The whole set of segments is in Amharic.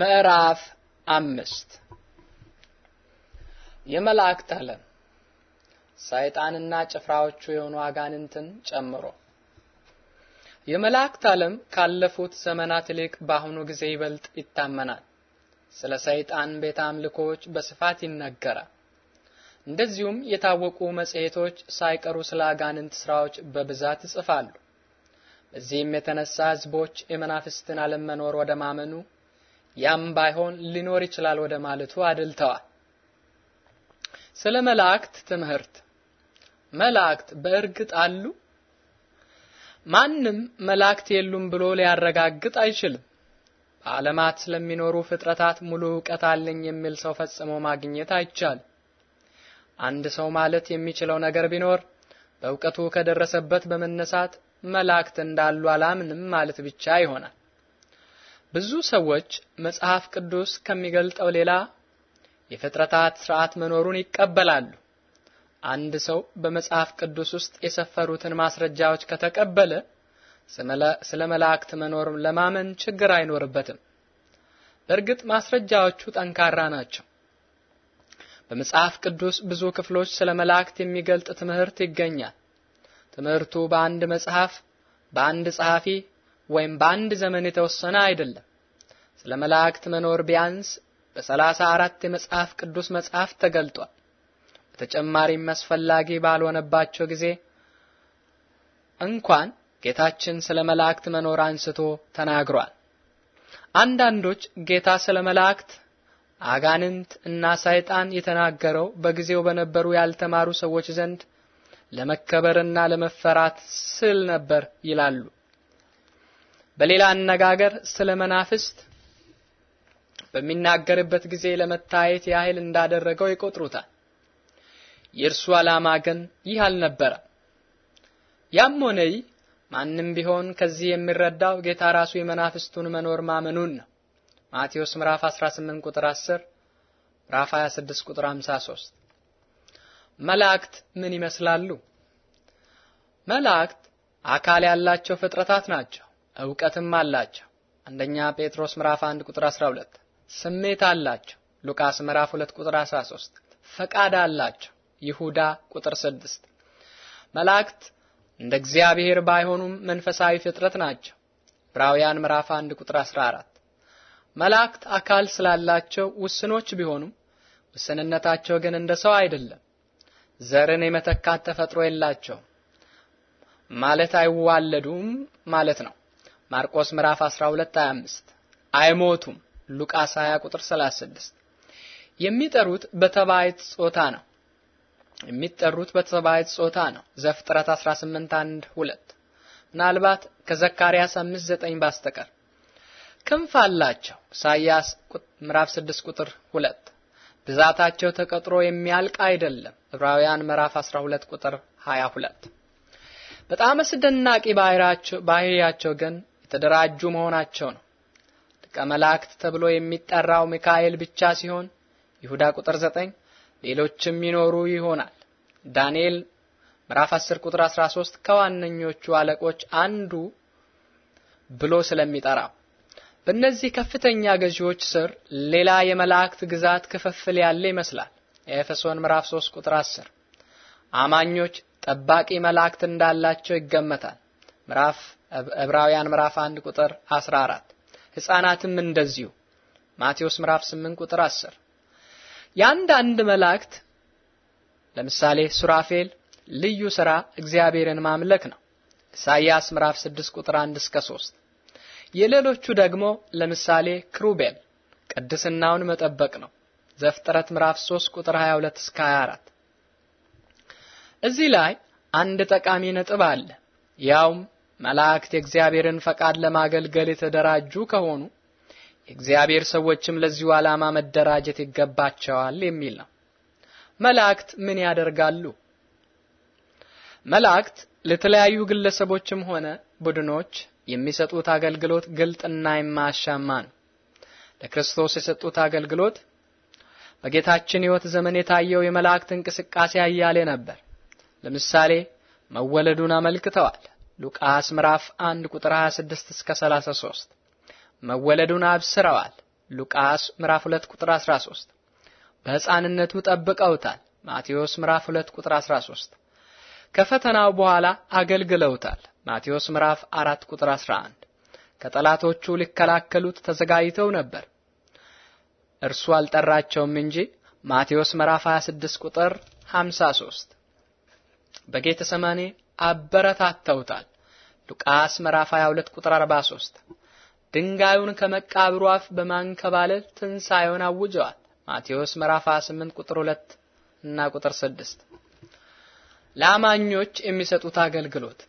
ምዕራፍ አምስት የመላእክት ዓለም ሰይጣንና ጭፍራዎቹ የሆኑ አጋንንትን ጨምሮ የመላእክት ዓለም ካለፉት ዘመናት ይልቅ በአሁኑ ጊዜ ይበልጥ ይታመናል። ስለ ሰይጣን ቤተ አምልኮዎች በስፋት ይነገራል። እንደዚሁም የታወቁ መጽሔቶች ሳይቀሩ ስለ አጋንንት ስራዎች በብዛት ይጽፋሉ። በዚህም የተነሳ ህዝቦች የመናፍስትን ዓለም መኖር ወደ ማመኑ ያም ባይሆን ሊኖር ይችላል ወደ ማለቱ አድልተዋል። ስለ መላእክት ትምህርት መላእክት በእርግጥ አሉ? ማንም መላእክት የሉም ብሎ ሊያረጋግጥ አይችልም። በዓለማት ስለሚኖሩ ፍጥረታት ሙሉ እውቀት አለኝ የሚል ሰው ፈጽሞ ማግኘት አይቻልም። አንድ ሰው ማለት የሚችለው ነገር ቢኖር በእውቀቱ ከደረሰበት በመነሳት መላእክት እንዳሉ አላምንም ማለት ብቻ ይሆናል። ብዙ ሰዎች መጽሐፍ ቅዱስ ከሚገልጠው ሌላ የፍጥረታት ስርዓት መኖሩን ይቀበላሉ። አንድ ሰው በመጽሐፍ ቅዱስ ውስጥ የሰፈሩትን ማስረጃዎች ከተቀበለ ስለ መላእክት መኖር ለማመን ችግር አይኖርበትም። በእርግጥ ማስረጃዎቹ ጠንካራ ናቸው። በመጽሐፍ ቅዱስ ብዙ ክፍሎች ስለ መላእክት የሚገልጥ ትምህርት ይገኛል። ትምህርቱ በአንድ መጽሐፍ በአንድ ጸሐፊ ወይም በአንድ ዘመን የተወሰነ አይደለም። ስለ መላእክት መኖር ቢያንስ በሰላሳ አራት የመጽሐፍ ቅዱስ መጽሐፍ ተገልጧል። በተጨማሪም አስፈላጊ ባልሆነባቸው ጊዜ እንኳን ጌታችን ስለ መላእክት መኖር አንስቶ ተናግሯል። አንዳንዶች ጌታ ስለ መላእክት፣ አጋንንት እና ሰይጣን የተናገረው በጊዜው በነበሩ ያልተማሩ ሰዎች ዘንድ ለመከበርና ለመፈራት ስል ነበር ይላሉ። በሌላ አነጋገር ስለ መናፍስት በሚናገርበት ጊዜ ለመታየት ያህል እንዳደረገው ይቆጥሩታል። የእርሱ ዓላማ ግን ይህ አልነበረ። ያም ሆነ ይህ ማንም ቢሆን ከዚህ የሚረዳው ጌታ ራሱ የመናፍስቱን መኖር ማመኑን ነው። ማቴዎስ ምዕራፍ 18 ቁጥር 10፣ ምዕራፍ 26 ቁጥር 53። መላእክት ምን ይመስላሉ? መላእክት አካል ያላቸው ፍጥረታት ናቸው። እውቀትም አላቸው። አንደኛ ጴጥሮስ ምዕራፍ 1 ቁጥር 12። ስሜት አላቸው። ሉቃስ ምዕራፍ 2 ቁጥር 13። ፈቃድ አላቸው። ይሁዳ ቁጥር 6። መላእክት እንደ እግዚአብሔር ባይሆኑም መንፈሳዊ ፍጥረት ናቸው። ዕብራውያን ምዕራፍ 1 ቁጥር 14። መላእክት አካል ስላላቸው ውስኖች ቢሆኑም ውስንነታቸው ግን እንደ ሰው አይደለም። ዘርን የመተካት ተፈጥሮ የላቸውም ማለት አይዋለዱም ማለት ነው። ማርቆስ ምዕራፍ 12 25 አይሞቱም። ሉቃስ 20 ቁጥር 36 የሚጠሩት በተባይት ጾታ ነው። የሚጠሩት በተባይት ጾታ ነው። ዘፍጥረት 18 1 2 ምናልባት ከዘካርያስ 5 9 ባስተቀር ክንፍ አላቸው። ኢሳይያስ ምዕራፍ 6 ቁጥር 2 ብዛታቸው ተቀጥሮ የሚያልቅ አይደለም። ዕብራውያን ምዕራፍ 12 ቁጥር 22 በጣም አስደናቂ ባህሪያቸው ግን የተደራጁ መሆናቸው ነው። ሊቀ መላእክት ተብሎ የሚጠራው ሚካኤል ብቻ ሲሆን ይሁዳ ቁጥር 9 ሌሎችም ይኖሩ ይሆናል። ዳንኤል ምዕራፍ 10 ቁጥር 13 ከዋነኞቹ አለቆች አንዱ ብሎ ስለሚጠራው በእነዚህ ከፍተኛ ገዢዎች ስር ሌላ የመላእክት ግዛት ክፍፍል ያለ ይመስላል። ኤፌሶን ምዕራፍ 3 ቁጥር 10 አማኞች ጠባቂ መላእክት እንዳላቸው ይገመታል። ምዕራፍ ዕብራውያን ምዕራፍ 1 ቁጥር 14 ሕፃናትም እንደዚሁ ማቴዎስ ምዕራፍ 8 ቁጥር 10 የአንዳንድ መላእክት ለምሳሌ ሱራፌል ልዩ ስራ እግዚአብሔርን ማምለክ ነው። ኢሳይያስ ምዕራፍ 6 ቁጥር 1 እስከ 3 የሌሎቹ ደግሞ ለምሳሌ ክሩቤል ቅድስናውን መጠበቅ ነው። ዘፍጥረት ምዕራፍ 3 ቁጥር 22 እስከ 24 እዚህ ላይ አንድ ጠቃሚ ነጥብ አለ። ያውም መላእክት የእግዚአብሔርን ፈቃድ ለማገልገል የተደራጁ ከሆኑ የእግዚአብሔር ሰዎችም ለዚሁ ዓላማ መደራጀት ይገባቸዋል የሚል ነው። መላእክት ምን ያደርጋሉ? መላእክት ለተለያዩ ግለሰቦችም ሆነ ቡድኖች የሚሰጡት አገልግሎት ግልጥና የማያሻማ ነው። ለክርስቶስ የሰጡት አገልግሎት በጌታችን ሕይወት ዘመን የታየው የመላእክት እንቅስቃሴ አያሌ ነበር። ለምሳሌ መወለዱን አመልክተዋል። ሉቃስ ምዕራፍ 1 ቁጥር 26 እስከ 33 መወለዱን አብስረዋል። ሉቃስ ምዕራፍ 2 ቁጥር 13 በሕፃንነቱ ጠብቀውታል። ማቴዎስ ምዕራፍ 2 ቁጥር 13 ከፈተናው በኋላ አገልግለውታል። ማቴዎስ ምዕራፍ 4 ቁጥር 11 ከጠላቶቹ ሊከላከሉት ተዘጋጅተው ነበር። እርሱ አልጠራቸውም እንጂ ማቴዎስ ምዕራፍ 26 ቁጥር 53 በጌተሰማኔ ሰማኔ አበረታተውታል። ሉቃስ ምዕራፍ 22 ቁጥር 43 ድንጋዩን ከመቃብሩ አፍ በማንከባለል ትንሣኤውን አውጀዋል። ማቴዎስ ምዕራፍ 28 ቁጥር 2 እና ቁጥር 6 ለአማኞች የሚሰጡት አገልግሎት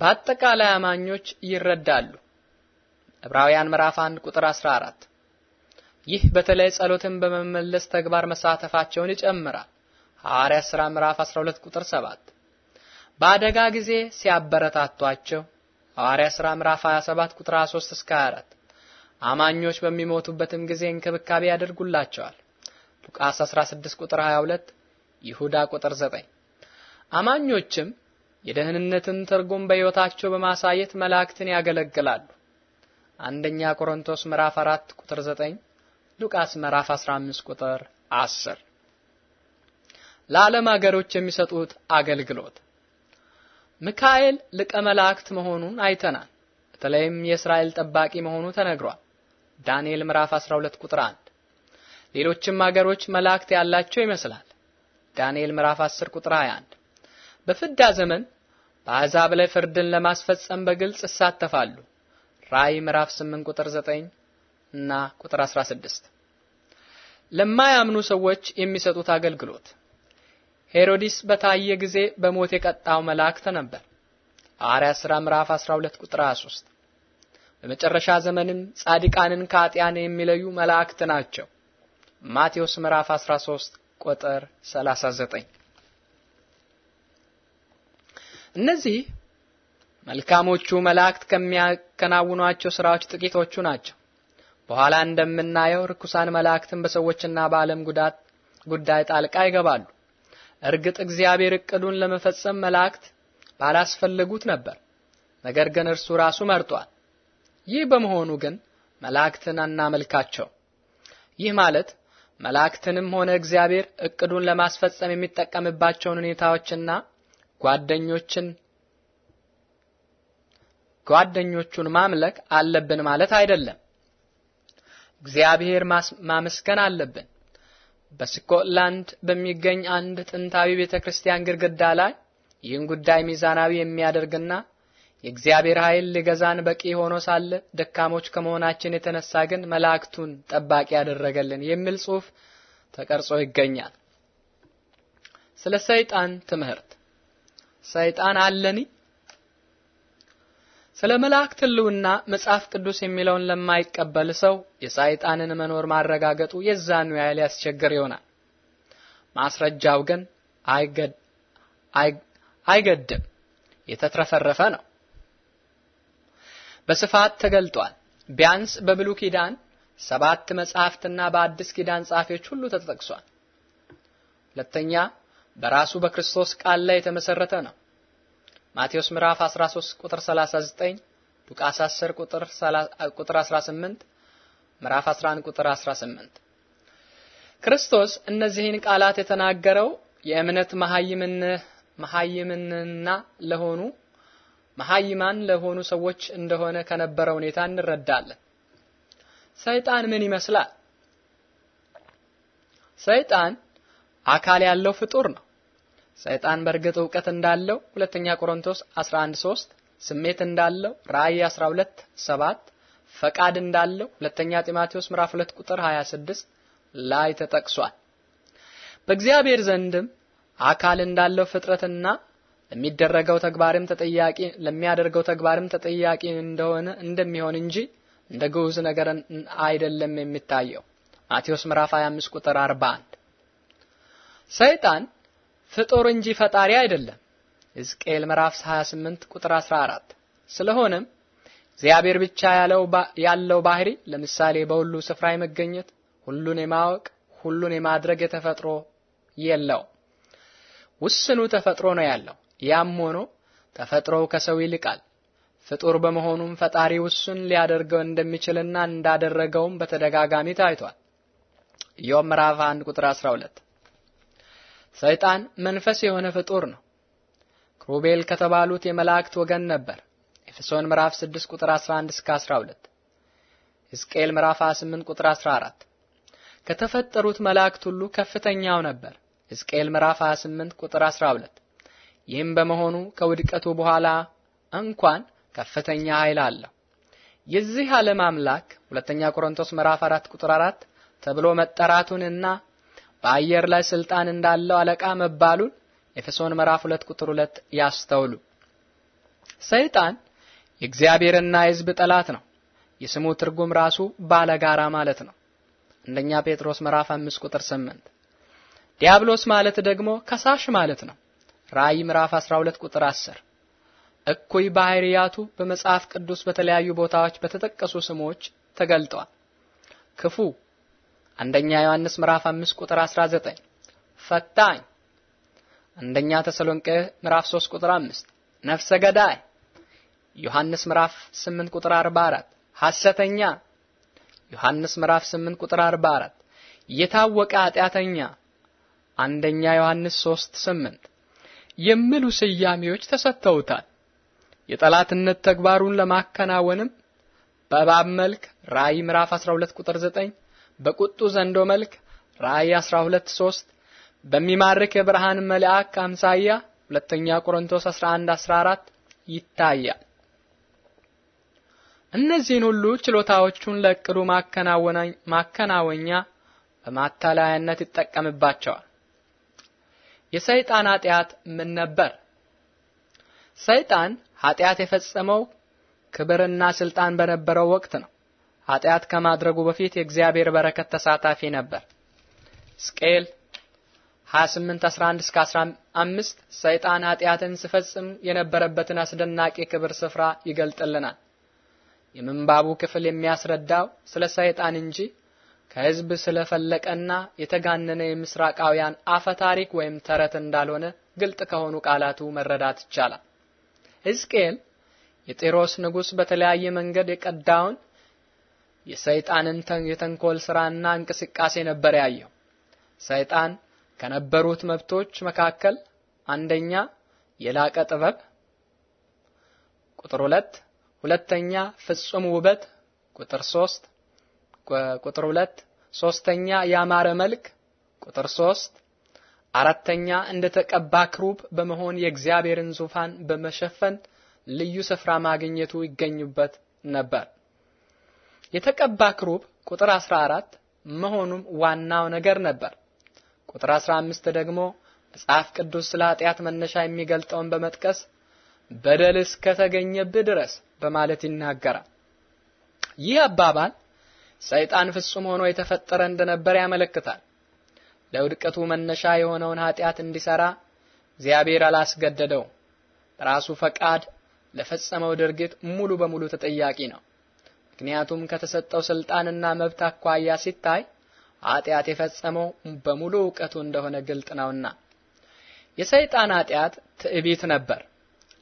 በአጠቃላይ አማኞች ይረዳሉ። ዕብራውያን ምዕራፍ 1 ቁጥር 14 ይህ በተለይ ጸሎትን በመመለስ ተግባር መሳተፋቸውን ይጨምራል። ሐዋርያ ሥራ ምዕራፍ 12 ቁጥር 7 በአደጋ ጊዜ ሲያበረታቷቸው ሐዋርያ ሥራ ምዕራፍ 27 ቁጥር 23 እስከ 24 አማኞች በሚሞቱበትም ጊዜ እንክብካቤ ያደርጉላቸዋል። ሉቃስ 16 ቁጥር 22፣ ይሁዳ ቁጥር 9። አማኞችም የደህንነትን ትርጉም በሕይወታቸው በማሳየት መላእክትን ያገለግላሉ። አንደኛ ቆሮንቶስ ምዕራፍ 4 ቁጥር 9፣ ሉቃስ ምዕራፍ 15 ቁጥር 10። ለዓለም አገሮች የሚሰጡት አገልግሎት ሚካኤል ሊቀ መላእክት መሆኑን አይተናል። በተለይም የእስራኤል ጠባቂ መሆኑ ተነግሯል። ዳንኤል ምዕራፍ 12 ቁጥር 1። ሌሎችም አገሮች መላእክት ያላቸው ይመስላል። ዳንኤል ምዕራፍ 10 ቁጥር 21። በፍዳ ዘመን በአሕዛብ ላይ ፍርድን ለማስፈጸም በግልጽ ይሳተፋሉ። ራእይ ምዕራፍ 8 ቁጥር 9 እና ቁጥር 16 ለማያምኑ ሰዎች የሚሰጡት አገልግሎት ሄሮድስ በታየ ጊዜ በሞት የቀጣው መላእክት ነበር። ሐዋርያት ሥራ ምዕራፍ 12 ቁጥር 23። በመጨረሻ ዘመንም ጻድቃንን ከአጥያን የሚለዩ መላእክት ናቸው። ማቴዎስ ምዕራፍ 13 ቁጥር 39። እነዚህ መልካሞቹ መላእክት ከሚያከናውኗቸው ስራዎች ጥቂቶቹ ናቸው። በኋላ እንደምናየው ርኩሳን መላእክትን በሰዎችና በዓለም ጉዳት ጉዳይ ጣልቃ ይገባሉ። እርግጥ እግዚአብሔር እቅዱን ለመፈጸም መላእክት ባላስፈለጉት ነበር፣ ነገር ግን እርሱ ራሱ መርጧል። ይህ በመሆኑ ግን መላእክትን አናመልካቸው። ይህ ማለት መላእክትንም ሆነ እግዚአብሔር እቅዱን ለማስፈጸም የሚጠቀምባቸውን ሁኔታዎችና ጓደኞችን ጓደኞቹን ማምለክ አለብን ማለት አይደለም። እግዚአብሔር ማመስገን አለብን። በስኮትላንድ በሚገኝ አንድ ጥንታዊ ቤተክርስቲያን ግድግዳ ላይ ይህን ጉዳይ ሚዛናዊ የሚያደርግና የእግዚአብሔር ኃይል ሊገዛን በቂ ሆኖ ሳለ ደካሞች ከመሆናችን የተነሳ ግን መላእክቱን ጠባቂ ያደረገልን የሚል ጽሑፍ ተቀርጾ ይገኛል። ስለ ሰይጣን ትምህርት ሰይጣን አለኒ ስለ መላእክት ሕልውና መጽሐፍ ቅዱስ የሚለውን ለማይቀበል ሰው የሰይጣንን መኖር ማረጋገጡ የዛኑ ያህል ያስቸግር ይሆናል። ማስረጃው ግን አይገድም፣ የተትረፈረፈ ነው፣ በስፋት ተገልጧል። ቢያንስ በብሉይ ኪዳን ሰባት መጽሐፍትና በአዲስ ኪዳን ጻፊዎች ሁሉ ተጠቅሷል። ሁለተኛ በራሱ በክርስቶስ ቃል ላይ የተመሰረተ ነው። ማቴዎስ ምዕራፍ 13 ቁጥር 39፣ ሉቃስ 10 ቁጥር ቁጥር 18፣ ምዕራፍ 11 ቁጥር 18። ክርስቶስ እነዚህን ቃላት የተናገረው የእምነት መሀይምንና ለሆኑ መሀይማን ለሆኑ ሰዎች እንደሆነ ከነበረ ሁኔታ እንረዳለን። ሰይጣን ምን ይመስላል? ሰይጣን አካል ያለው ፍጡር ነው። ሰይጣን በእርግጥ እውቀት እንዳለው ሁለተኛ ቆሮንቶስ 11:3 ስሜት እንዳለው ራእይ 12:7 ፈቃድ እንዳለው ሁለተኛ ጢሞቴዎስ ምዕራፍ 2 ቁጥር 26 ላይ ተጠቅሷል። በእግዚአብሔር ዘንድም አካል እንዳለው ፍጥረትና ለሚደረገው ተግባርም ተጠያቂ ለሚያደርገው ተግባርም ተጠያቂ እንደሆነ እንደሚሆን እንጂ እንደ ግዑዝ ነገር አይደለም የሚታየው ማቴዎስ ምዕራፍ 25 ቁጥር 41 ሰይጣን ፍጡር እንጂ ፈጣሪ አይደለም። ሕዝቅኤል ምዕራፍ 28 ቁጥር 14። ስለሆነም እግዚአብሔር ብቻ ያለው ያለው ባህሪ ለምሳሌ በሁሉ ስፍራ የመገኘት ሁሉን የማወቅ ሁሉን የማድረግ የተፈጥሮ የለው ውስኑ ተፈጥሮ ነው ያለው። ያም ሆኖ ተፈጥሮው ከሰው ይልቃል። ፍጡር በመሆኑም ፈጣሪ ውሱን ሊያደርገው እንደሚችልና እንዳደረገውም በተደጋጋሚ ታይቷል። ኢዮብ ምዕራፍ 1 ቁጥር 12 ሰይጣን መንፈስ የሆነ ፍጡር ነው። ክሩቤል ከተባሉት የመላእክት ወገን ነበር። ኤፌሶን ምዕራፍ 6 ቁጥር 11 እስከ 12፣ ሕዝቅኤል ምዕራፍ 28 ቁጥር 14። ከተፈጠሩት መላእክት ሁሉ ከፍተኛው ነበር። ሕዝቅኤል ምዕራፍ 28 ቁጥር 12። ይህም በመሆኑ ከውድቀቱ በኋላ እንኳን ከፍተኛ ኃይል አለው። የዚህ ዓለም አምላክ ሁለተኛ ቆሮንቶስ ምዕራፍ 4 ቁጥር 4 ተብሎ መጠራቱንና በአየር ላይ ስልጣን እንዳለው አለቃ መባሉን ኤፌሶን ምዕራፍ 2 ቁጥር 2 ያስተውሉ። ሰይጣን የእግዚአብሔርና የሕዝብ ጠላት ነው። የስሙ ትርጉም ራሱ ባለጋራ ማለት ነው። አንደኛ ጴጥሮስ ምዕራፍ 5 ቁጥር 8። ዲያብሎስ ማለት ደግሞ ከሳሽ ማለት ነው። ራእይ ምዕራፍ 12 ቁጥር 10። እኩይ ባህሪያቱ በመጽሐፍ ቅዱስ በተለያዩ ቦታዎች በተጠቀሱ ስሞች ተገልጧል። ክፉ አንደኛ ዮሐንስ ምዕራፍ 5 ቁጥር 19 ፈታኝ፣ አንደኛ ተሰሎንቄ ምዕራፍ 3 ቁጥር 5 ነፍሰ ገዳይ፣ ዮሐንስ ምዕራፍ 8 ቁጥር 44 ሐሰተኛ፣ ዮሐንስ ምዕራፍ 8 ቁጥር 44 የታወቀ ኃጢአተኛ፣ አንደኛ ዮሐንስ 3 8 የሚሉ ስያሜዎች ተሰጥተውታል። የጠላትነት ተግባሩን ለማከናወንም በእባብ መልክ ራእይ ምዕራፍ 12 ቁጥር 9 በቁጡ ዘንዶ መልክ ራእይ 12 3 በሚማርክ የብርሃን መልአክ አምሳያ ሁለተኛ ቆሮንቶስ 11 14 ይታያል። እነዚህን ሁሉ ችሎታዎቹን ለእቅዱ ማከናወኛ በማታለያነት ይጠቀምባቸዋል። የሰይጣን ኃጢአት ምን ነበር? ሰይጣን ኃጢአት የፈጸመው ክብርና ስልጣን በነበረው ወቅት ነው። ኃጢአት ከማድረጉ በፊት የእግዚአብሔር በረከት ተሳታፊ ነበር። ሕዝቅኤል 28:11 እስከ 15 ሰይጣን ኃጢአትን ሲፈጽም የነበረበትን አስደናቂ ክብር ስፍራ ይገልጥልናል። የምንባቡ ክፍል የሚያስረዳው ስለ ሰይጣን እንጂ ከሕዝብ ስለፈለቀና የተጋነነ የምስራቃውያን አፈ ታሪክ ወይም ተረት እንዳልሆነ ግልጥ ከሆኑ ቃላቱ መረዳት ይቻላል። ሕዝቅኤል የጢሮስ ንጉሥ በተለያየ መንገድ የቀዳውን የሰይጣንን የተንኮል ስራና እንቅስቃሴ ነበር ያየው። ሰይጣን ከነበሩት መብቶች መካከል አንደኛ የላቀ ጥበብ፣ ቁጥር ሁለት ሁለተኛ ፍጹም ውበት፣ ቁጥር ሶስት ቁጥር ሁለት ሶስተኛ ያማረ መልክ፣ ቁጥር ሶስት አራተኛ እንደ ተቀባ ክሩብ በመሆን የእግዚአብሔርን ዙፋን በመሸፈን ልዩ ስፍራ ማግኘቱ ይገኙበት ነበር። የተቀባ ክሩብ ቁጥር 14 መሆኑም ዋናው ነገር ነበር። ቁጥር 15 ደግሞ መጽሐፍ ቅዱስ ስለ ኃጢአት መነሻ የሚገልጠውን በመጥቀስ በደል እስከተገኘብህ ድረስ በማለት ይናገራል። ይህ አባባል ሰይጣን ፍጹም ሆኖ የተፈጠረ እንደነበር ያመለክታል። ለውድቀቱ መነሻ የሆነውን ኃጢአት እንዲሰራ እግዚአብሔር አላስገደደው። በራሱ ፈቃድ ለፈጸመው ድርጊት ሙሉ በሙሉ ተጠያቂ ነው። ምክንያቱም ከተሰጠው ስልጣንና መብት አኳያ ሲታይ ኃጢአት የፈጸመው በሙሉ እውቀቱ እንደሆነ ግልጥ ነውና። የሰይጣን ኃጢአት ትዕቢት ነበር።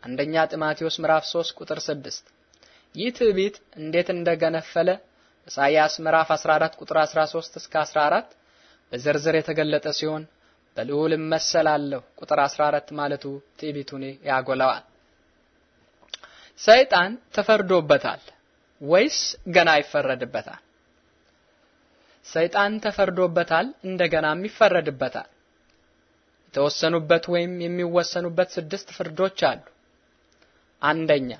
አንደኛ ጢሞቴዎስ ምዕራፍ 3 ቁጥር 6። ይህ ትዕቢት እንዴት እንደገነፈለ ኢሳይያስ ምዕራፍ 14 ቁጥር 13 እስከ 14 በዝርዝር የተገለጠ ሲሆን በልዑል እመሰላለሁ ቁጥር 14 ማለቱ ትዕቢቱን ያጎላዋል። ሰይጣን ተፈርዶበታል። ወይስ ገና ይፈረድበታል? ሰይጣን ተፈርዶበታል፣ እንደገናም ይፈረድበታል። የተወሰኑበት ወይም የሚወሰኑበት ስድስት ፍርዶች አሉ። አንደኛ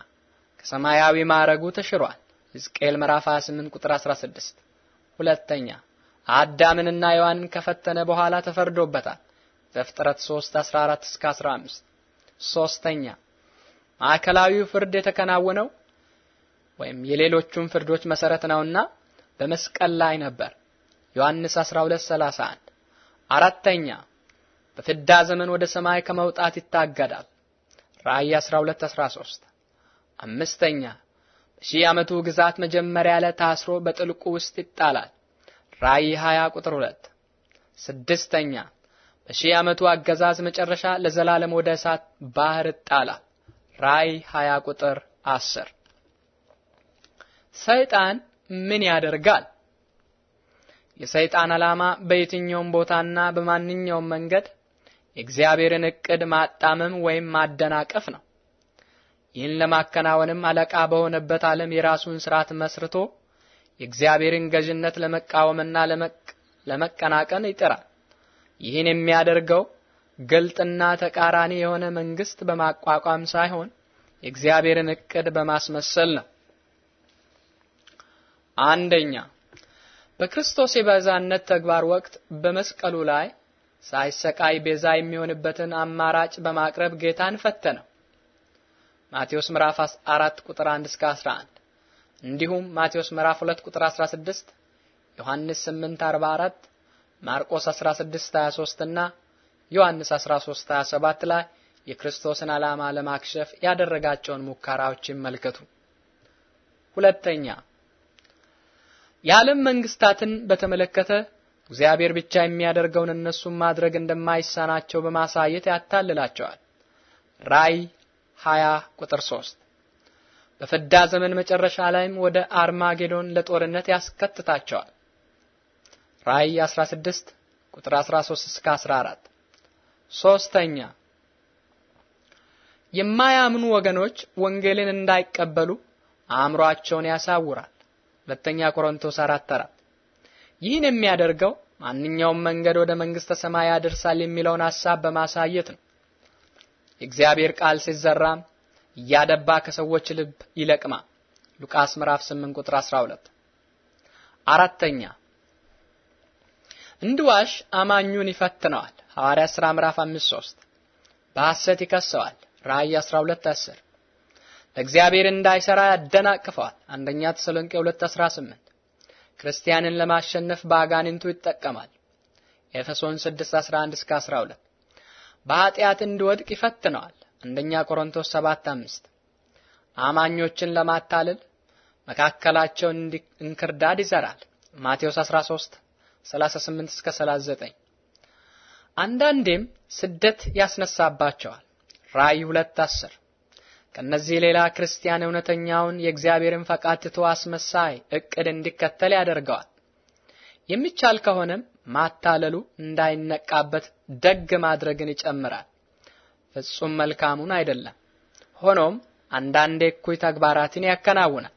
ከሰማያዊ ማዕረጉ ተሽሯል። ሕዝቅኤል ምዕራፍ 28 ቁጥር 16። ሁለተኛ አዳምንና ሔዋንን ከፈተነ በኋላ ተፈርዶበታል። ዘፍጥረት 3 14 እስከ 15። ሶስተኛ ማዕከላዊው ፍርድ የተከናወነው ወይም የሌሎቹን ፍርዶች መሰረት ነውና በመስቀል ላይ ነበር። ዮሐንስ 12:31 አራተኛ በፍዳ ዘመን ወደ ሰማይ ከመውጣት ይታገዳል። ራእይ 12:13 አምስተኛ በሺህ ዓመቱ ግዛት መጀመሪያ ላይ ታስሮ በጥልቁ ውስጥ ይጣላል። ራእይ 20 ቁጥር 2 ስድስተኛ በሺህ ዓመቱ አገዛዝ መጨረሻ ለዘላለም ወደ እሳት ባህር ይጣላል። ራእይ 20 ቁጥር 10 ሰይጣን ምን ያደርጋል? የሰይጣን ዓላማ በየትኛውም ቦታና በማንኛውም መንገድ የእግዚአብሔርን እቅድ ማጣመም ወይም ማደናቀፍ ነው። ይህን ለማከናወንም አለቃ በሆነበት ዓለም የራሱን ስርዓት መስርቶ የእግዚአብሔርን ገዥነት ለመቃወምና ለመቀናቀን ይጥራል። ይህን የሚያደርገው ግልጥና ተቃራኒ የሆነ መንግስት በማቋቋም ሳይሆን የእግዚአብሔርን እቅድ በማስመሰል ነው። አንደኛ በክርስቶስ የበዛነት ተግባር ወቅት በመስቀሉ ላይ ሳይሰቃይ ቤዛ የሚሆንበትን አማራጭ በማቅረብ ጌታን ፈተነው። ማቴዎስ ምዕራፍ 4 ቁጥር 1 እስከ 11 እንዲሁም ማቴዎስ ምዕራፍ 2 ቁጥር 16፣ ዮሐንስ 8 44፣ ማርቆስ 16 23 እና ዮሐንስ 13 27 ላይ የክርስቶስን ዓላማ ለማክሸፍ ያደረጋቸውን ሙከራዎች ይመልከቱ። ሁለተኛ የዓለም መንግስታትን በተመለከተ እግዚአብሔር ብቻ የሚያደርገውን እነሱን ማድረግ እንደማይሳናቸው በማሳየት ያታልላቸዋል። ራእይ 20 ቁጥር 3 በፍዳ ዘመን መጨረሻ ላይም ወደ አርማጌዶን ለጦርነት ያስከትታቸዋል። ራእይ 16 ቁጥር 13 እስከ 14። ሶስተኛ የማያምኑ ወገኖች ወንጌልን እንዳይቀበሉ አእምሯቸውን ያሳውራል። ሁለተኛ ቆሮንቶስ 4 4 ይህን የሚያደርገው ማንኛውም መንገድ ወደ መንግስተ ሰማይ ያደርሳል የሚለውን ሐሳብ በማሳየት ነው። የእግዚአብሔር ቃል ሲዘራም እያደባ ከሰዎች ልብ ይለቅማ ሉቃስ ምዕራፍ 8 ቁጥር 12። አራተኛ እንድዋሽ አማኙን ይፈትነዋል ሐዋርያ ሥራ ምዕራፍ 5 3 በሐሰት ይከሰዋል ራእይ 12 10 ለእግዚአብሔር እንዳይሰራ ያደናቅፈዋል። አንደኛ ተሰሎንቄ 2:18 ክርስቲያንን ለማሸነፍ በአጋንንቱ ይጠቀማል። ኤፌሶን 6:11 እስከ 12 በኃጢአት እንዲወድቅ ይፈትነዋል። አንደኛ ቆሮንቶስ 7:5 አማኞችን ለማታለል መካከላቸው እንክርዳድ ይዘራል። ማቴዎስ 13 38 እስከ 39 አንዳንዴም ስደት ያስነሳባቸዋል። ራእይ 10 ከነዚህ ሌላ ክርስቲያን እውነተኛውን የእግዚአብሔርን ፈቃድ ትቶ አስመሳይ እቅድ እንዲከተል ያደርገዋል። የሚቻል ከሆነም ማታለሉ እንዳይነቃበት ደግ ማድረግን ይጨምራል። ፍጹም መልካሙን አይደለም። ሆኖም አንዳንዴ እኩይ ተግባራትን ያከናውናል።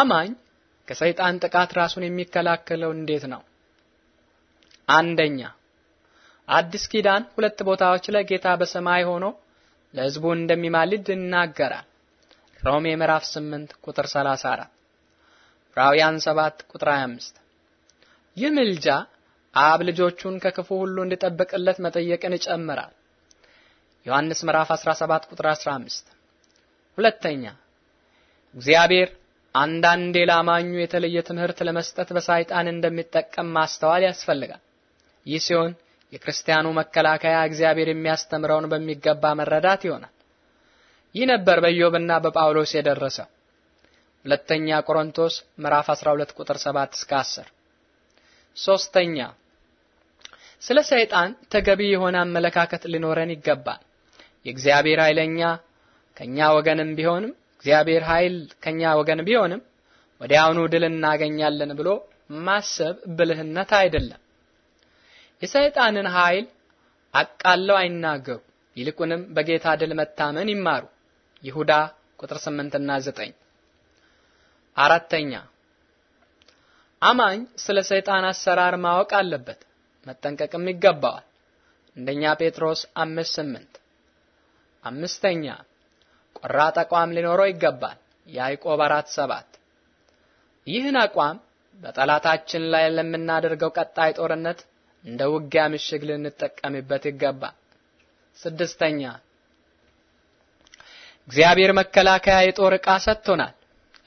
አማኝ ከሰይጣን ጥቃት ራሱን የሚከላከለው እንዴት ነው? አንደኛ አዲስ ኪዳን ሁለት ቦታዎች ላይ ጌታ በሰማይ ሆኖ ለሕዝቡ እንደሚማልድ ይናገራል። ሮሜ ምዕራፍ 8 ቁጥር 34፣ ዕብራውያን 7 ቁጥር 25። ይህ ምልጃ አብ ልጆቹን ከክፉ ሁሉ እንዲጠብቅለት መጠየቅን ይጨምራል። ዮሐንስ ምዕራፍ 17 ቁጥር 15። ሁለተኛ እግዚአብሔር አንዳንዴ ላማኙ የተለየ ትምህርት ለመስጠት በሰይጣን እንደሚጠቀም ማስተዋል ያስፈልጋል። ይህ ሲሆን የክርስቲያኑ መከላከያ እግዚአብሔር የሚያስተምረውን በሚገባ መረዳት ይሆናል። ይህ ነበር በኢዮብና በጳውሎስ የደረሰው። ሁለተኛ ቆሮንቶስ ምዕራፍ 12 ቁጥር 7 እስከ 10። ሶስተኛ ስለ ሰይጣን ተገቢ የሆነ አመለካከት ሊኖረን ይገባል። የእግዚአብሔር ኃይለኛ ከኛ ወገንም ቢሆንም እግዚአብሔር ኃይል ከኛ ወገን ቢሆንም ወዲያውኑ ድል እናገኛለን ብሎ ማሰብ ብልህነት አይደለም። የሰይጣንን ኃይል አቃለው አይናገሩ፣ ይልቁንም በጌታ ድል መታመን ይማሩ። ይሁዳ ቁጥር 8 እና 9። አራተኛ አማኝ ስለ ሰይጣን አሰራር ማወቅ አለበት፣ መጠንቀቅም ይገባዋል። አንደኛ ጴጥሮስ 5 8። አምስተኛ ቆራጥ አቋም ሊኖረው ይገባል። ያዕቆብ 4 7። ይህን አቋም በጠላታችን ላይ ለምናደርገው ቀጣይ ጦርነት እንደ ውጊያ ምሽግ ልንጠቀምበት ይገባል። ስድስተኛ እግዚአብሔር መከላከያ የጦር ዕቃ ሰጥቶናል።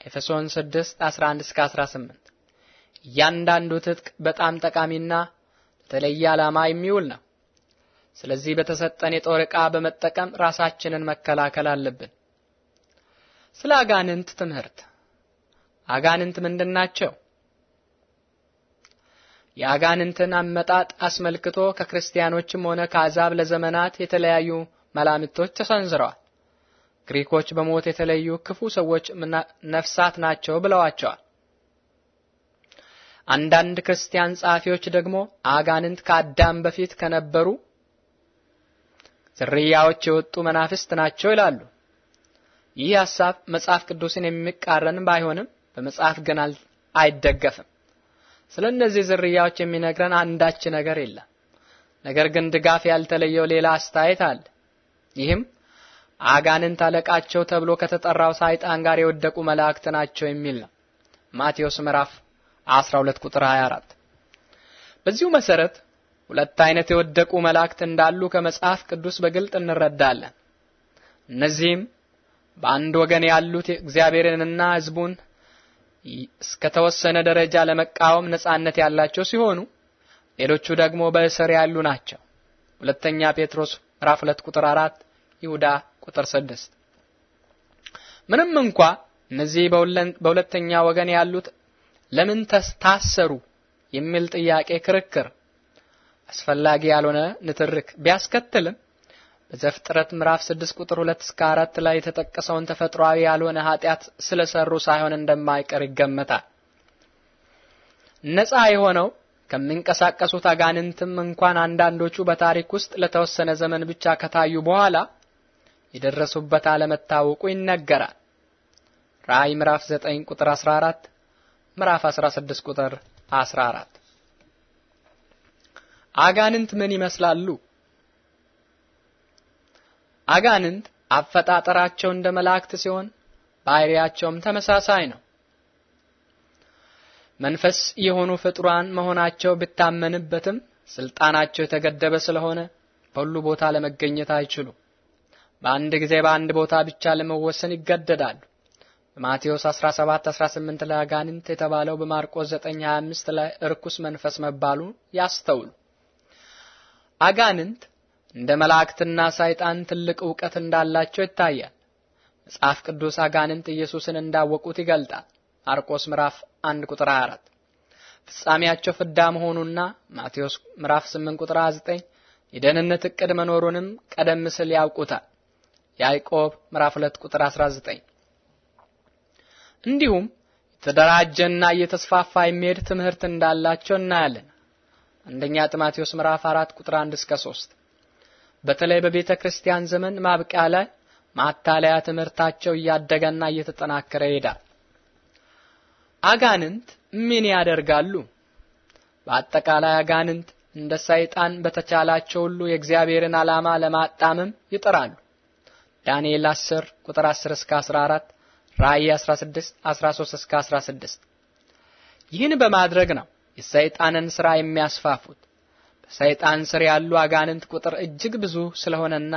ኤፌሶን 6 11 እስከ 18 እያንዳንዱ ትጥቅ በጣም ጠቃሚና ለተለየ ዓላማ የሚውል ነው። ስለዚህ በተሰጠን የጦር ዕቃ በመጠቀም ራሳችንን መከላከል አለብን። ስለ አጋንንት ትምህርት አጋንንት ምንድናቸው? የአጋንንትን አመጣጥ አስመልክቶ ከክርስቲያኖችም ሆነ ከአዛብ ለዘመናት የተለያዩ መላምቶች ተሰንዝረዋል። ግሪኮች በሞት የተለዩ ክፉ ሰዎች ነፍሳት ናቸው ብለዋቸዋል። አንዳንድ ክርስቲያን ጸሐፊዎች ደግሞ አጋንንት ከአዳም በፊት ከነበሩ ዝርያዎች የወጡ መናፍስት ናቸው ይላሉ። ይህ ሐሳብ መጽሐፍ ቅዱስን የሚቃረን ባይሆንም በመጽሐፍ ግን አይደገፍም። ስለ እነዚህ ዝርያዎች የሚነግረን አንዳች ነገር የለም። ነገር ግን ድጋፍ ያልተለየው ሌላ አስተያየት አለ። ይህም አጋንንት አለቃቸው ተብሎ ከተጠራው ሳይጣን ጋር የወደቁ መላእክት ናቸው የሚል ነው። ማቴዎስ ምዕራፍ 12 ቁጥር 24። በዚሁ መሰረት ሁለት አይነት የወደቁ መላእክት እንዳሉ ከመጽሐፍ ቅዱስ በግልጥ እንረዳለን። እነዚህም በአንድ ወገን ያሉት እግዚአብሔርንና ሕዝቡን እስከተወሰነ ደረጃ ለመቃወም ነጻነት ያላቸው ሲሆኑ ሌሎቹ ደግሞ በእስር ያሉ ናቸው። ሁለተኛ ጴጥሮስ ምዕራፍ 2 ቁጥር 4፣ ይሁዳ ቁጥር 6። ምንም እንኳ እነዚህ በሁለተኛ ወገን ያሉት ለምን ታሰሩ የሚል ጥያቄ ክርክር አስፈላጊ ያልሆነ ንትርክ ቢያስከትልም በዘፍጥረት ምዕራፍ 6 ቁጥር 2 እስከ 4 ላይ የተጠቀሰውን ተፈጥሯዊ ያልሆነ ኃጢአት ስለሰሩ ሳይሆን እንደማይቀር ይገመታል። ነፃ የሆነው ከሚንቀሳቀሱት አጋንንትም እንኳን አንዳንዶቹ በታሪክ ውስጥ ለተወሰነ ዘመን ብቻ ከታዩ በኋላ የደረሱበት አለመታወቁ ይነገራል። ራእይ ምዕራፍ 9 ቁጥር 14፣ ምዕራፍ 16 ቁጥር 14። አጋንንት ምን ይመስላሉ? አጋንንት አፈጣጠራቸው እንደ መላእክት ሲሆን ባህሪያቸውም ተመሳሳይ ነው። መንፈስ የሆኑ ፍጡራን መሆናቸው ቢታመንበትም ስልጣናቸው የተገደበ ስለሆነ በሁሉ ቦታ ለመገኘት አይችሉም። በአንድ ጊዜ በአንድ ቦታ ብቻ ለመወሰን ይገደዳሉ። በማቴዎስ 17:18 ላይ አጋንንት የተባለው በማርቆስ 9:25 ላይ እርኩስ መንፈስ መባሉ ያስተውሉ። አጋንንት እንደ መላእክትና ሰይጣን ትልቅ ዕውቀት እንዳላቸው ይታያል። መጽሐፍ ቅዱስ አጋንንት ኢየሱስን እንዳወቁት ይገልጣል። ማርቆስ ምዕራፍ 1 ቁጥር 4 ፍጻሜያቸው ፍዳ መሆኑና ማቴዎስ ምዕራፍ 8 ቁጥር 9 የደህንነት እቅድ መኖሩንም ቀደም ሲል ያውቁታል። ያዕቆብ ምዕራፍ 2 ቁጥር 19 እንዲሁም የተደራጀና እየተስፋፋ የሚሄድ ትምህርት እንዳላቸው እናያለን። አንደኛ ጢሞቴዎስ ምዕራፍ 4 ቁጥር 1 እስከ 3 በተለይ በቤተ ክርስቲያን ዘመን ማብቂያ ላይ ማታለያ ትምህርታቸው እያደገና እየተጠናከረ ይሄዳል። አጋንንት ምን ያደርጋሉ? በአጠቃላይ አጋንንት እንደ ሰይጣን በተቻላቸው ሁሉ የእግዚአብሔርን ዓላማ ለማጣመም ይጥራሉ። ዳንኤል 10 ቁጥር 10 እስከ 14፣ ራእይ 16 13 እስከ 16 ይህን በማድረግ ነው የሰይጣንን ሥራ የሚያስፋፉት። ሰይጣን ስር ያሉ አጋንንት ቁጥር እጅግ ብዙ ስለሆነና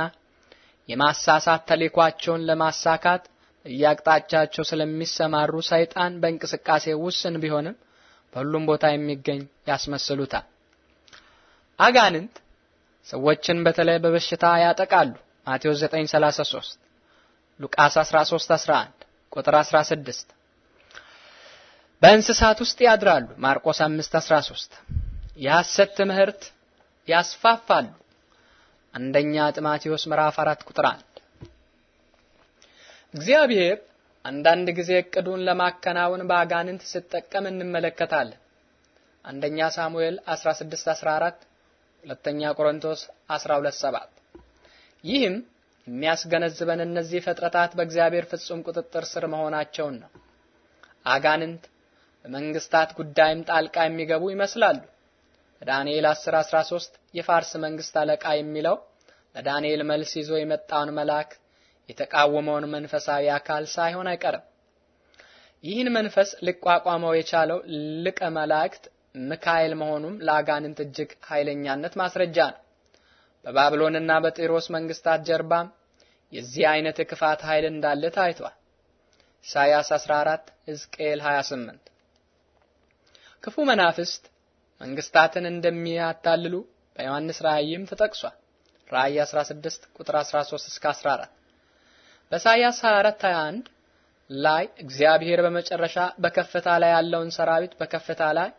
የማሳሳት ተልዕኳቸውን ለማሳካት እያቅጣጫቸው ስለሚሰማሩ ሰይጣን በእንቅስቃሴ ውስን ቢሆንም በሁሉም ቦታ የሚገኝ ያስመስሉታል። አጋንንት ሰዎችን በተለይ በበሽታ ያጠቃሉ። ማቴዎስ 9:33 ሉቃስ 13:11 ቁጥር 16 በእንስሳት ውስጥ ያድራሉ። ማርቆስ 5:13 የሐሰት ትምህርት ያስፋፋሉ። አንደኛ ጢሞቴዎስ ምዕራፍ 4 ቁጥር 1። እግዚአብሔር አንዳንድ ጊዜ እቅዱን ለማከናወን በአጋንንት ሲጠቀም እንመለከታለን። አንደኛ ሳሙኤል 1614 ሁለተኛ ቆሮንቶስ 127 ይህም የሚያስገነዝበን እነዚህ ፍጥረታት በእግዚአብሔር ፍጹም ቁጥጥር ስር መሆናቸውን ነው። አጋንንት በመንግስታት ጉዳይም ጣልቃ የሚገቡ ይመስላሉ። ዳንኤል 10 13 የፋርስ መንግስት አለቃ የሚለው ለዳንኤል መልስ ይዞ የመጣውን መልአክ የተቃወመውን መንፈሳዊ አካል ሳይሆን አይቀርም። ይህን መንፈስ ሊቋቋመው የቻለው ሊቀ መላእክት ሚካኤል መሆኑም ለአጋንንት እጅግ ኃይለኛነት ማስረጃ ነው። በባቢሎንና በጢሮስ መንግስታት ጀርባም የዚህ አይነት የክፋት ኃይል እንዳለ ታይቷል። ኢሳይያስ 14 ሕዝቅኤል 28 ክፉ መናፍስት መንግስታትን እንደሚያታልሉ በዮሐንስ ራእይም ተጠቅሷል። ራእይ 16 ቁጥር 13 እስከ 14 በኢሳይያስ 24 21 ላይ እግዚአብሔር በመጨረሻ በከፍታ ላይ ያለውን ሰራዊት በከፍታ ላይ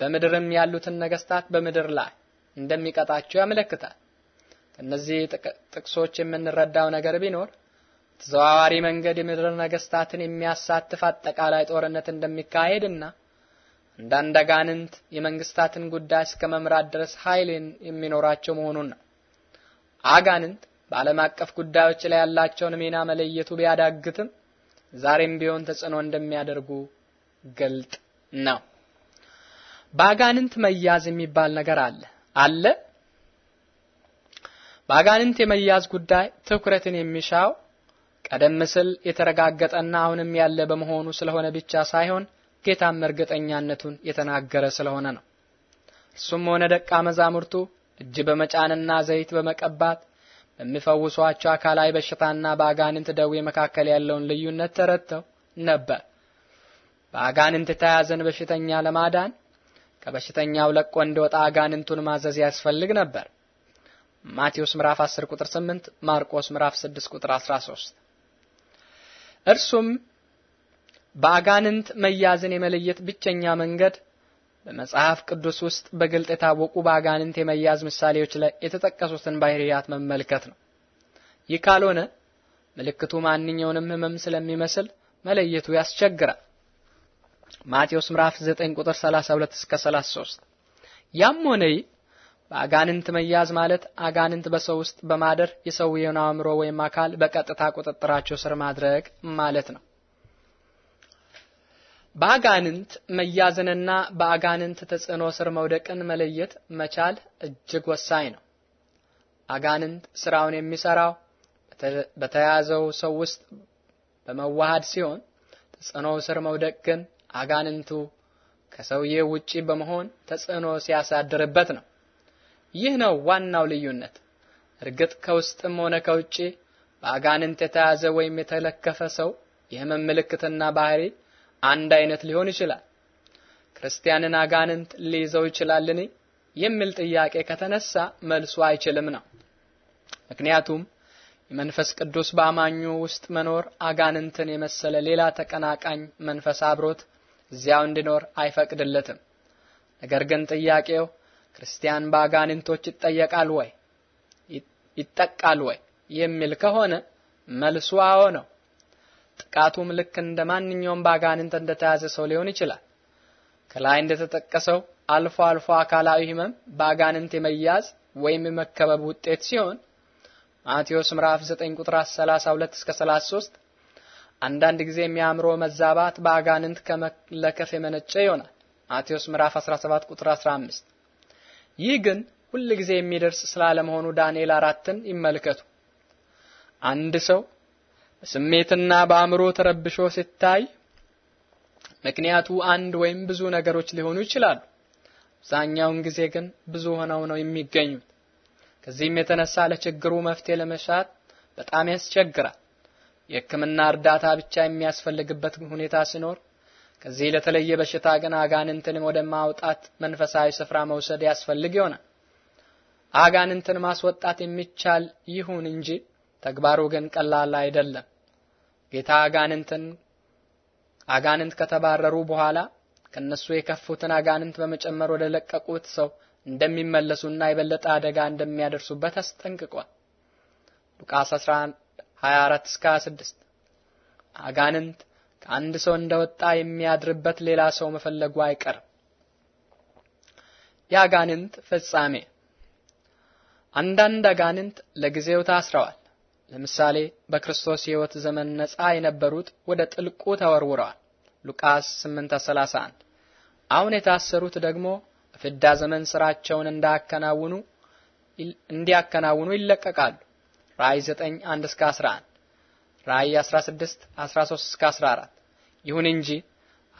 በምድርም ያሉትን ነገስታት በምድር ላይ እንደሚቀጣቸው ያመለክታል። ከነዚህ ጥቅሶች የምንረዳው ነገር ቢኖር ተዘዋዋሪ መንገድ የምድር ነገስታትን የሚያሳትፍ አጠቃላይ ጦርነት እንደሚካሄድና እንዳንድ አጋንንት የመንግስታትን ጉዳይ እስከ መምራት ድረስ ኃይልን የሚኖራቸው መሆኑን ነው። አጋንንት በዓለም አቀፍ ጉዳዮች ላይ ያላቸውን ሚና መለየቱ ቢያዳግትም ዛሬም ቢሆን ተጽዕኖ እንደሚያደርጉ ግልጥ ነው። በአጋንንት መያዝ የሚባል ነገር አለ አለ። በአጋንንት የመያዝ ጉዳይ ትኩረትን የሚሻው ቀደም ሲል የተረጋገጠና አሁንም ያለ በመሆኑ ስለሆነ ብቻ ሳይሆን ጌታም እርግጠኛነቱን የተናገረ ስለሆነ ነው። እርሱም ሆነ ደቀ መዛሙርቱ እጅ በመጫንና ዘይት በመቀባት በሚፈውሷቸው አካላዊ በሽታና በአጋንንት ደዌ መካከል ያለውን ልዩነት ተረድተው ነበር። በአጋንንት ተያዘን በሽተኛ ለማዳን ከበሽተኛው ለቆ እንዲወጣ አጋንንቱን ማዘዝ ያስፈልግ ነበር። ማቴዎስ ምዕራፍ 10 ቁጥር 8፣ ማርቆስ ምዕራፍ 6 ቁጥር 13። እርሱም በአጋንንት መያዝን የመለየት ብቸኛ መንገድ በመጽሐፍ ቅዱስ ውስጥ በግልጥ የታወቁ በአጋንንት የመያዝ ምሳሌዎች ላይ የተጠቀሱትን ባህሪያት መመልከት ነው። ይህ ካልሆነ ምልክቱ ማንኛውንም ሕመም ስለሚመስል መለየቱ ያስቸግራል። ማቴዎስ ምዕራፍ 9 ቁጥር 32 እስከ 33። ያም ሆነ ይህ በአጋንንት መያዝ ማለት አጋንንት በሰው ውስጥ በማደር የሰውየውን አእምሮ ወይም አካል በቀጥታ ቁጥጥራቸው ስር ማድረግ ማለት ነው። በአጋንንት መያዝንና በአጋንንት ተጽዕኖ ስር መውደቅን መለየት መቻል እጅግ ወሳኝ ነው። አጋንንት ስራውን የሚሰራው በተያዘው ሰው ውስጥ በመዋሃድ ሲሆን፣ ተጽዕኖ ስር መውደቅ ግን አጋንንቱ ከሰውዬ ውጪ በመሆን ተጽዕኖ ሲያሳድርበት ነው። ይህ ነው ዋናው ልዩነት። እርግጥ ከውስጥም ሆነ ከውጪ በአጋንንት የተያዘ ወይም የተለከፈ ሰው የህመም ምልክትና ባህሪ አንድ አይነት ሊሆን ይችላል። ክርስቲያንን አጋንንት ሊይዘው ይችላልን የሚል ጥያቄ ከተነሳ መልሱ አይችልም ነው። ምክንያቱም የመንፈስ ቅዱስ በአማኙ ውስጥ መኖር አጋንንትን የመሰለ ሌላ ተቀናቃኝ መንፈስ አብሮት እዚያው እንዲኖር አይፈቅድለትም። ነገር ግን ጥያቄው ክርስቲያን በአጋንንቶች ይጠየቃል ወይ ይጠቃል ወይ የሚል ከሆነ መልሱ አዎ ነው። ጥቃቱም ልክ እንደ ማንኛውም በአጋንንት እንደተያዘ ሰው ሊሆን ይችላል። ከላይ እንደተጠቀሰው አልፎ አልፎ አካላዊ ህመም በአጋንንት የመያዝ ወይም የመከበብ ውጤት ሲሆን ማቴዎስ ምዕራፍ 9 ቁጥር 32 እስከ 33 አንዳንድ ጊዜ የሚያምሮ መዛባት በአጋንንት ከመለከፍ የመነጨ ይሆናል። ማቴዎስ ምዕራፍ 17 ቁጥር 15። ይህ ግን ሁል ጊዜ የሚደርስ ስላለመሆኑ ዳንኤል አራትን ይመልከቱ። አንድ ሰው በስሜትና በአእምሮ ተረብሾ ሲታይ ምክንያቱ አንድ ወይም ብዙ ነገሮች ሊሆኑ ይችላሉ። አብዛኛውን ጊዜ ግን ብዙ ሆነው ነው የሚገኙት። ከዚህም የተነሳ ለችግሩ መፍትሄ ለመሻት በጣም ያስቸግራል። የሕክምና እርዳታ ብቻ የሚያስፈልግበት ሁኔታ ሲኖር፣ ከዚህ ለተለየ በሽታ ግን አጋንንትን ወደ ማውጣት መንፈሳዊ ስፍራ መውሰድ ያስፈልግ ይሆናል። አጋንንትን ማስወጣት የሚቻል ይሁን እንጂ ተግባሩ ግን ቀላል አይደለም። ጌታ አጋንንትን አጋንንት ከተባረሩ በኋላ ከነሱ የከፉትን አጋንንት በመጨመር ወደ ለቀቁት ሰው እንደሚመለሱና የበለጠ አደጋ እንደሚያደርሱበት አስጠንቅቋል። ሉቃስ 24 እስከ 26 አጋንንት ከአንድ ሰው እንደወጣ የሚያድርበት ሌላ ሰው መፈለጉ አይቀርም። የአጋንንት ፍጻሜ አንዳንድ አጋንንት ለጊዜው ታስረዋል። ለምሳሌ በክርስቶስ የሕይወት ዘመን ነፃ የነበሩት ወደ ጥልቁ ተወርውረዋል። ሉቃስ 8:31 አሁን የታሰሩት ደግሞ በፍዳ ዘመን ስራቸውን እንዳያከናውኑ እንዲያከናውኑ ይለቀቃሉ። ራእይ 1 እስከ 11 ራእይ 16 13 እስከ 14 ይሁን እንጂ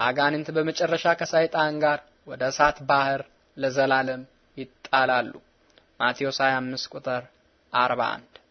አጋንንት በመጨረሻ ከሰይጣን ጋር ወደ እሳት ባህር ለዘላለም ይጣላሉ። ማቴዎስ 25 ቁጥር 41